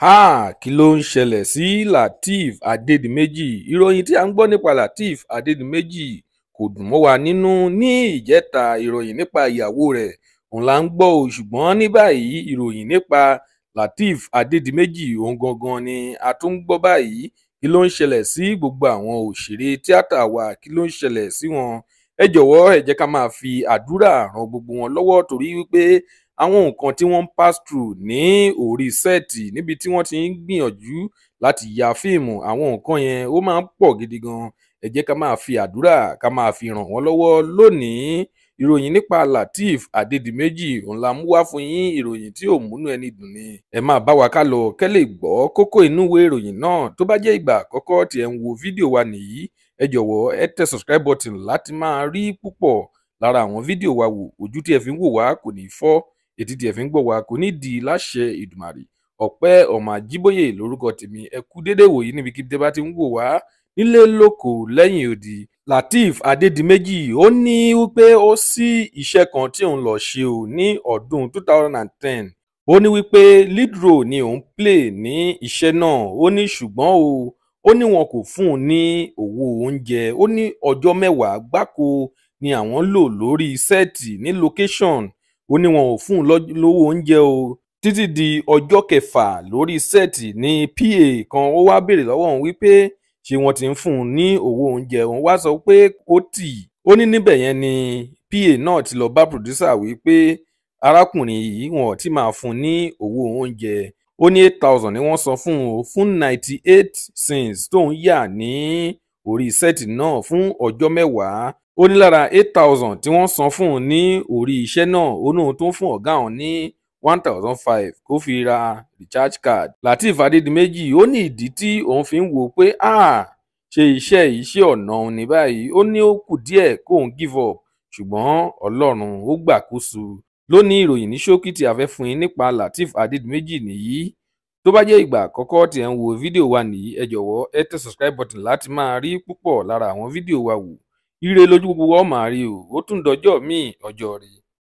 háà kí ló ń ṣẹlẹ̀ sí lateef adédìméjì ìròyìn tí a ń gbọ́ nípa lateef adédìméjì kò dùn mọ́ wa nínú ní ìjẹta ìròyìn nípa ìyàwó rẹ̀ òun là ń gbọ́ o ṣùgbọ́n ní báyìí ìròyìn nípa lateef adédìméjì òun gangan ni a tún ń gbọ́ báyìí kí ló ń ṣẹlẹ̀ sí gbogbo àwọn òṣèré tíátà wa kí ló ń ṣẹlẹ̀ sí wọn ẹ jọ̀wọ́ ẹ jẹ́ ká máa fi àdúrà ran gbogbo wọn lọ́wọ́ torí wípé àwọn nǹkan tí wọ́n ń pass through ní orí sẹ́ẹ̀tì níbi tí wọ́n ti ń gbìyànjú láti ya fíìmù àwọn nǹkan yẹn ó máa ń pọ̀ gidi gan ẹ jẹ́ ká máa fi àdúrà ká máa fi ràn wọ́n lọ́wọ́ lónìí ìròyìn nípa Lateef Adédìméjì òun la mú wá fún yín ìròyìn tí ò múnú ẹni dùn ni ẹ máa bá wa ká lọ kẹ́ lè gbọ́ kókó inúwé ìròyìn náà tó bá jẹ́ ìgbà àkọ́kọ́ tí ẹ ń wo fídíò wa nìyí ẹ jọ̀wọ́ ẹ tẹ subscribe button láti máa rí púpọ̀ lára àwọn fídíò wa wò ojú tí ẹ fi ń wò wá kò ní fọ́ ètìtì ẹ̀fín gbọ̀wá kò ní di láṣẹ ìdùmàrè ọ̀pẹ́ ọ̀mà jíbóyè lórúkọ tèmi ẹ kú dédé wòyí níbikíbi tẹ́ bá ti ń wò wá nílé lóko lẹ́yìn odi lateef adédìméjì ó ní wípé ó sí iṣẹ́ kan tí òun lọ ṣe ò ní ọdún two thousand and ten ó ní wípé lead role ni òun play ní iṣẹ́ náà ó ní ṣùgbọ́n o ó ní wọn kò fún un ní owó oúnjẹ ó ní ọjọ́ mẹ́wàá gbáko ni àwọn lò lórí sẹ́ẹ̀tì ní location ó ní wọn ò fún un lówó oúnjẹ o títí di ọjọ́ kẹfà lórí sẹ́ẹ̀tì ní pa kan ó wá béèrè lọ́wọ́ òun wípé ṣé wọ́n ti ń fún un ní owó oúnjẹ òun wá sọ pé ó tì ó ní níbẹ̀ yẹn ni pa náà ti lọ bá pòdúsà wípé arákùnrin yìí wọn ò tí máa fún un ní owó oúnjẹ ó ní eight thousand ni wọ́n san fún un fún ninety eight cents tóun yà ní orí sẹ́ẹ̀tì náà fún ọjọ́ mẹ́wàá ó ní lára eight thousand tí wọ́n san fún un ní orí iṣẹ́ náà ó lóun tó ń fún ọ̀gá òun ní one thousand five kó fi ra recharge card lateef adédìméjì ó ní ìdí tí òun fi ń wò pé ah ṣe iṣẹ́ iṣẹ́ ọ̀nà òun ní báyìí ó ní ó kù díẹ̀ kóun give up ṣùgbọ́n ọlọ́run ó gbàkóso ló ní ìròyìn ní ṣókí tí a fẹ́ fún yín nípa lateef adédìméjì nìyí tó bá jẹ́ ìgbà àkọ́kọ́ tí ẹ̀ ń wo fídíò wa nìyí ẹ jọ̀wọ́ ẹ tẹ subscribe button láti máa rí púpọ̀ lára àwọn fídíò wa wò ire lójú gbogbo wa ó máa rí o ó tún dọjọ́ míì ọjọ́ ire